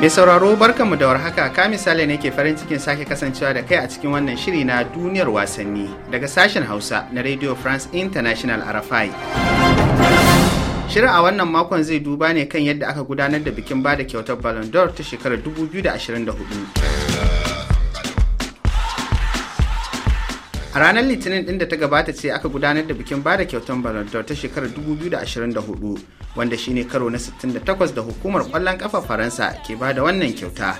Mai sauraro barkanmu da warhaka ka misali ne ke farin cikin sake kasancewa da kai a cikin wannan shiri na duniyar wasanni daga sashen Hausa na Radio France International RFI. Shirin a wannan makon zai duba ne kan yadda aka gudanar da bikin bada kyautar Ballon d'Or ta shekarar 2024. a ranar litinin din da ta gabata ce aka gudanar da bikin bada kyautar ballon ta shekarar 2024 wanda shine karo na 68 da hukumar kwallon kafa faransa ke bada wannan kyauta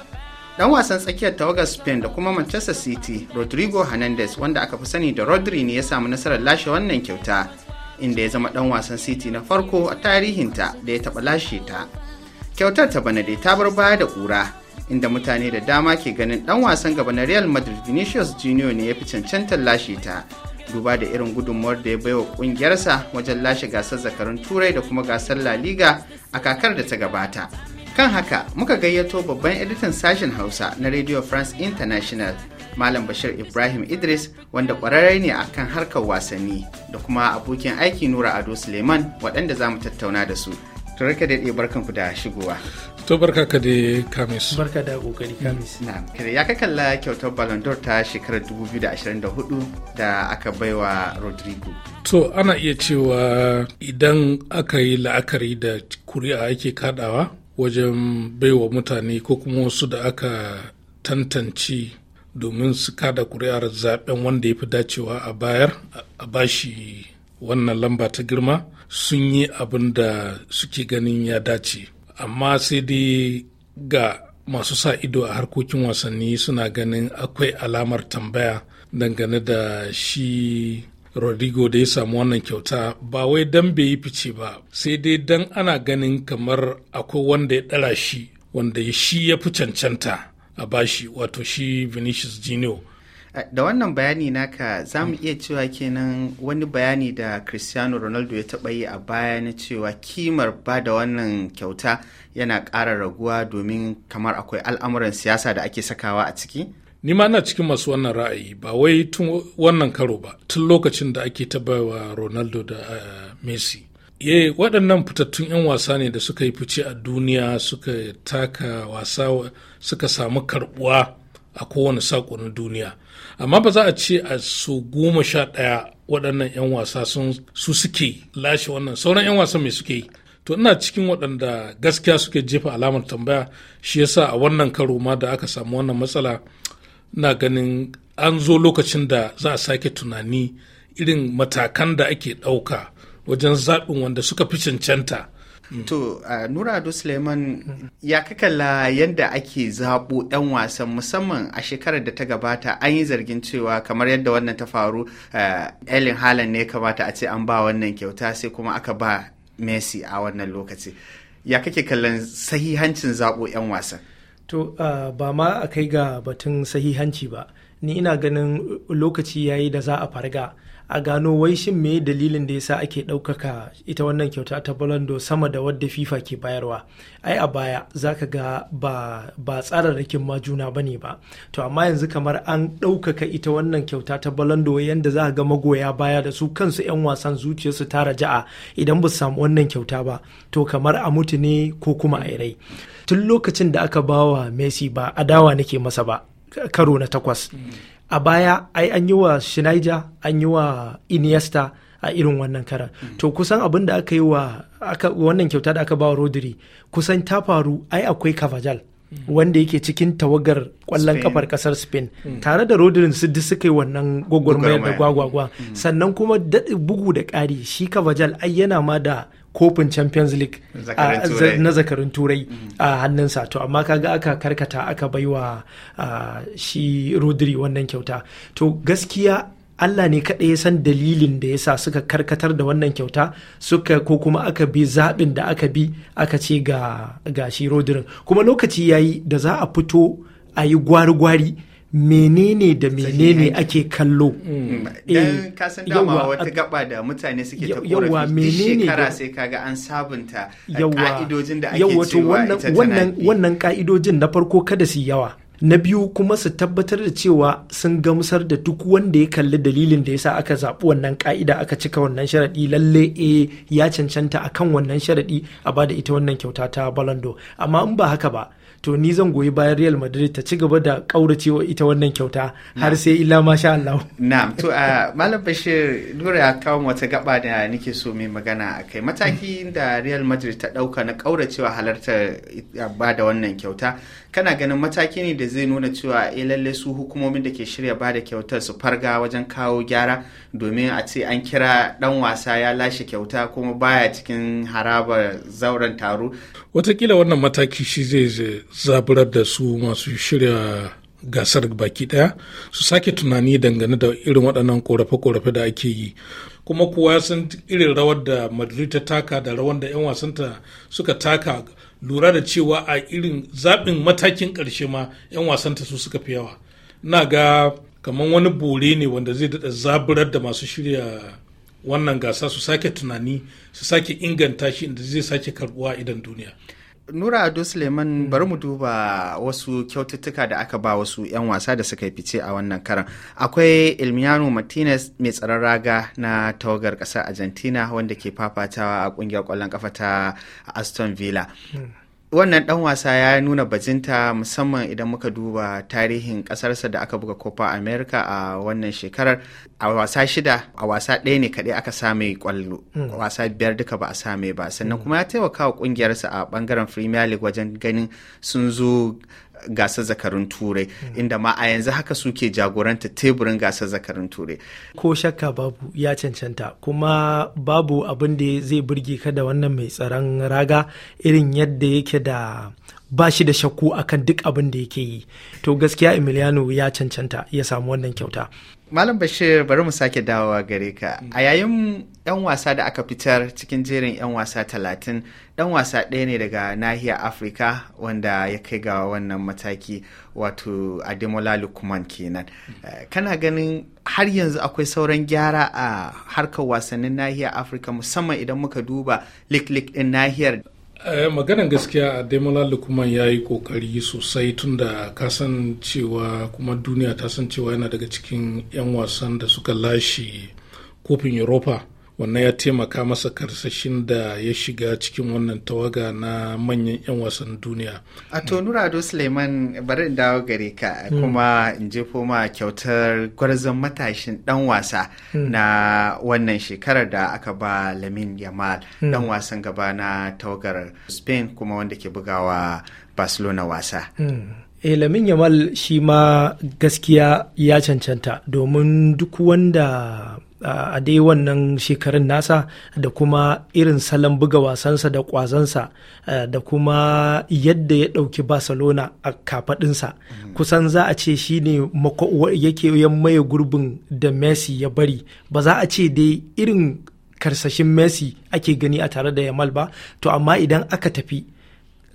dan wasan tsakiyar tawagar spain da kuma manchester city rodrigo hernandez wanda aka fi sani da rodri ne ya samu nasarar lashe wannan kyauta inda ya zama dan wasan city na farko a tarihinta da ya taɓa lashe ta kyautar ta bana dai ta bar baya da ƙura. inda mutane da dama ke ganin dan wasan gaba na Real Madrid Vinicius Junior ne ya fi cancantar lashe ta. Duba da irin gudunmuwar da ya baiwa kungiyarsa wajen lashe gasar zakarun Turai da kuma gasar La Liga a kakar da ta gabata. Kan haka muka gayyato babban editan sashen Hausa na Radio France International Malam Bashir Ibrahim Idris wanda kwararre ne akan harkar wasanni da kuma abokin aiki Nura Ado Suleiman waɗanda za mu tattauna da su. to kada ɗaya barkan ku da shigowa to barka ka da kamis barka da kokari kamis na kare ya ka kalla kyautar ballon d'or ta shekarar 2024 da aka baiwa rodrigo to ana iya cewa idan aka yi la'akari da kuri'a ake kaɗawa wajen baiwa mutane ko kuma wasu da aka tantance domin su kada kuri'ar zaben wanda ya fi dacewa a bayar a bashi wannan lamba ta girma sun yi abin da suke ganin ya dace amma sai dai ga masu sa ido a harkokin wasanni suna ganin akwai alamar tambaya dangane da shi rodrigo da ya samu wannan kyauta ba wai dan bai yi fice ba sai dai dan ana ganin kamar akwai wanda ya ɗara shi wanda shi ya fi cancanta a bashi wato shi vinicius junior da wannan bayani naka za mu mm. iya cewa kenan wani bayani da cristiano ronaldo ya taɓa yi a baya na cewa kimar ba da wannan kyauta yana ƙara raguwa domin kamar akwai al'amuran siyasa da ake sakawa a ciki ni ma na cikin masu wannan ra'ayi ba wai tun wannan karo ba tun lokacin da ake taba wa ronaldo da eh, messi ye waɗannan fitattun 'yan wasa ne da suka yi fice a duniya suka taka wasa suka samu karbuwa. a kowane sako na duniya amma ba za a ce a su goma sha ɗaya waɗannan 'yan wasa sun su suke lashe wannan sauran 'yan wasa mai suke yi to ina cikin waɗanda gaskiya suke jefa alamar tambaya shi yasa a wannan karo ma da aka samu wannan matsala na ganin an zo lokacin da za a sake tunani irin matakan da ake ɗauka wajen zaɓin wanda suka fi cancanta Mm. To Nura Nurado Suleiman ya kakalla yadda ake zaɓo 'yan wasan musamman a shekarar da ta gabata an yi zargin cewa kamar yadda wannan ta faru Elin Haaland ne kamata a ce an ba wannan kyauta sai kuma aka ba Messi a wannan lokaci. Ya kake kallon sahihancin zaɓo 'yan wasan? To ba ma a kai ga batun sahihanci ba. ni ina ganin lokaci ya yi da za a farga a gano wai shin me dalilin da yasa ake ɗaukaka ita wannan kyauta ta balando sama da wadda fifa ke bayarwa ai a baya zaka ga ba ba tsararrakin ma juna bane ba to amma yanzu kamar an ɗaukaka ita wannan kyauta ta balando yanda za ga magoya baya da su kansu 'yan wasan zuciyarsu ta raja'a idan ba su samu wannan kyauta ba to kamar a mutu ne ko kuma a rai tun lokacin da aka bawa messi ba adawa nake masa ba karo na takwas a baya ai an yi wa Schneider an yi wa Iniesta a irin wannan karan to kusan abin da aka yi wa wannan kyauta da aka ba wa Rodri kusan ta faru ai akwai kavajal wanda yake cikin tawagar kwallon kafar kasar Spain hmm. tare da Rodri su duk suka yi wannan gwagwarmayar da gwagwagwa hmm. sannan kuma bugu da ƙari shi kavajal ai yana ma da kofin champions league na zakarin turai mm. a hannunsa to amma kaga aka karkata aka baiwa shi rodri wannan kyauta to gaskiya Allah ne kaɗai ya san dalilin da ya sa suka karkatar da wannan kyauta suka ko kuma aka bi zaɓin da aka bi aka ce ga, ga shi rodirin kuma lokaci ya yi da za a fito a yi gwari-gwari menene da menene ake kallo mm. Mm. dan eh, kasan dama wata gaba da mutane suke ta korafi duk shekara sai kaga an sabunta ka'idojin da ake cewa ita tana wannan ka'idojin na farko kada su yawa na biyu kuma su tabbatar da cewa sun gamsar da duk wanda ya kalli dalilin da ya sa aka zaɓi wannan ka'ida aka cika wannan sharaɗi lalle e ya cancanta akan wannan sharaɗi a bada ita wannan kyauta ta balando amma in ba haka ba to ni zan goyi bayan Real Madrid ta ci gaba da kauracewa ita wannan kyauta har sai illa sha Allah. Na'am to a ah, Malam Bashir Nura ya kawo wata gaba da nake so mai magana a kai mataki mm. da Real Madrid ta ɗauka na kauracewa halartar ah, ba da wannan kyauta kana ganin mataki ne da da zai nuna cewa eh lalle su hukumomin da ke shirya ba da kyautar su farga wajen kawo gyara domin a ce an kira dan wasa ya lashe kyauta kuma baya cikin harabar zauren taro watakila wannan mataki shi zai zaburar da su masu shirya gasar baki daya su sake tunani dangane da irin waɗannan korafe-korafe da ake yi kuma kowa ya san irin rawar da madrid ta taka da rawar da 'yan wasanta suka taka lura da cewa a irin zaɓin matakin ƙarshe ma 'yan wasanta su suka fi yawa na ga kamar wani bore ne wanda zai daɗa zaburar da masu shirya wannan gasa su sake tunani su sake inganta shi inda zai sake karbuwa idan duniya Nura Ado Suleiman hmm. bari mu duba wasu kyaututtuka da aka ba wasu 'yan wasa da suka yi fice a wannan karan. Akwai Ilmiano Martinez mai tsaron raga na tawagar ƙasar Argentina wanda ke fafatawa a ƙungiyar ƙwallon ƙafa ta Aston Villa. Hmm. Wannan ɗan wasa ya nuna bajinta musamman idan muka duba tarihin ƙasarsa da aka buga Copa America a wannan shekarar a wasa shida a wasa ɗaya ne kaɗai aka same kwallo hmm. a wasa biyar duka ba a same ba sannan hmm. kuma ya taimaka wa ƙungiyarsa a ɓangaren premier league wajen ganin sun zo gasar zakarun turai hmm. inda ma a yanzu haka suke jagoranta teburin gasar zakarun turai ko shakka babu ya cancanta kuma babu abin da zai burge ka da wannan mai tsaron raga irin yadda yake da ba shi da shakku akan duk abin da yake yi to gaskiya emiliano ya cancanta ya samu wannan kyauta malam bashir bari mu sake dawowa gare ka mm. a yayin yan wasa da aka fitar cikin jerin yan wasa talatin dan wasa ɗaya ne daga nahiyar afirka wanda ya kai ga wannan mataki wato ademola lukman kenan mm. eh, kana ganin har yanzu akwai sauran gyara a harkar wasannin nahiyar afirka musamman idan muka duba lik-lik ɗin nahiyar Eh, maganan gaskiya Ademola Lukman ya yi kokari sosai tun da kasan cewa kuma duniya ta san cewa yana daga cikin 'yan wasan da suka lashe kofin Europa wannan ya taimaka masa karsashin da ya shiga cikin wannan tawaga na manyan 'yan wasan duniya a to nurado suleiman bari in dawo gare ka hmm. kuma in jefo ma kyautar gwarzon matashin dan wasa hmm. na wannan shekarar da aka ba lamin yamal dan hmm. wasan gaba na tawagar spain kuma wanda ke bugawa barcelona wasa eh, lamin Yamal shi ma gaskiya ya cancanta domin duk wanda a dai wannan shekarun nasa da kuma irin salon buga wasansa da kwazansa da kuma yadda ya ɗauki barcelona a kafaɗinsa mm-hmm. kusan za a ce shi ne yake yan maye gurbin da messi ya bari ba za a ce dai irin karsashin messi ake gani a tare da yamal ba to amma idan aka tafi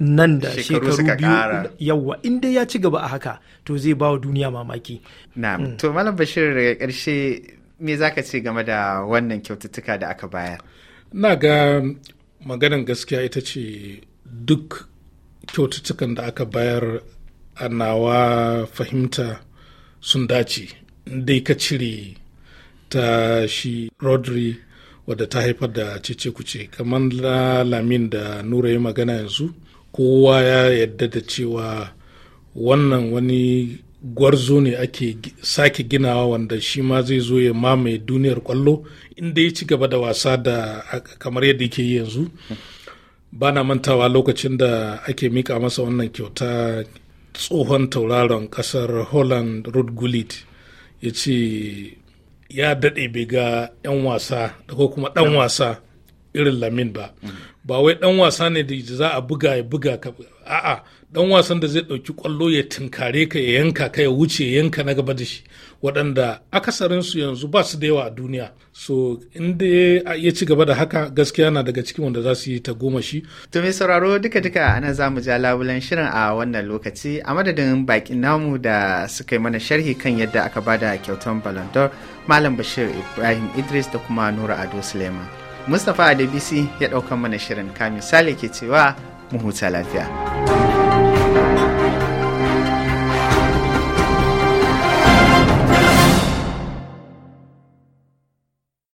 nan da shekaru biyu yawa inda ya ci gaba a haka to zai ba wa duniya mamaki. na mm. to malam bashir daga karshe me za ka ce game da wannan kyaututtuka da aka bayar na ga maganan gaskiya ita ce duk kyaututtukan da aka bayar a nawa fahimta sun dace dai ka cire ta shi rodri wadda ta haifar da cece kuce kamar la lamin da nura ya magana yanzu kowa ya yadda da cewa wannan wani gwarzo ne ake sake ginawa wanda shi ma zai zo ya mamaye duniyar kwallo inda ya ci gaba da wasa da kamar yadda yake yi yanzu ba na mantawa lokacin da ake mika masa wannan kyauta tsohon tauraron kasar holland rod gullit ya ce ya daɗe bai ga 'yan wasa da ko kuma ɗan wasa irin lamin ba mm. ba wai ɗan wasa ne da za a buga ya buga a'a dan wasan da zai ɗauki kwallo ya tinkare ka ya yanka ka ya wuce ya yanka na gaba da shi waɗanda akasarinsu yanzu ba su da yawa a duniya so inda ya ci gaba da haka gaskiya na daga cikin wanda za su yi ta goma shi. to mai sauraro duka duka ana za mu ja labulen shirin a wannan lokaci a madadin bakin namu da suka yi mana sharhi kan yadda aka bada kyautan ballon d'or malam bashir ibrahim idris da kuma nura ado suleiman mustapha adebisi ya ɗaukan mana shirin kamin sale ke cewa mu huta lafiya.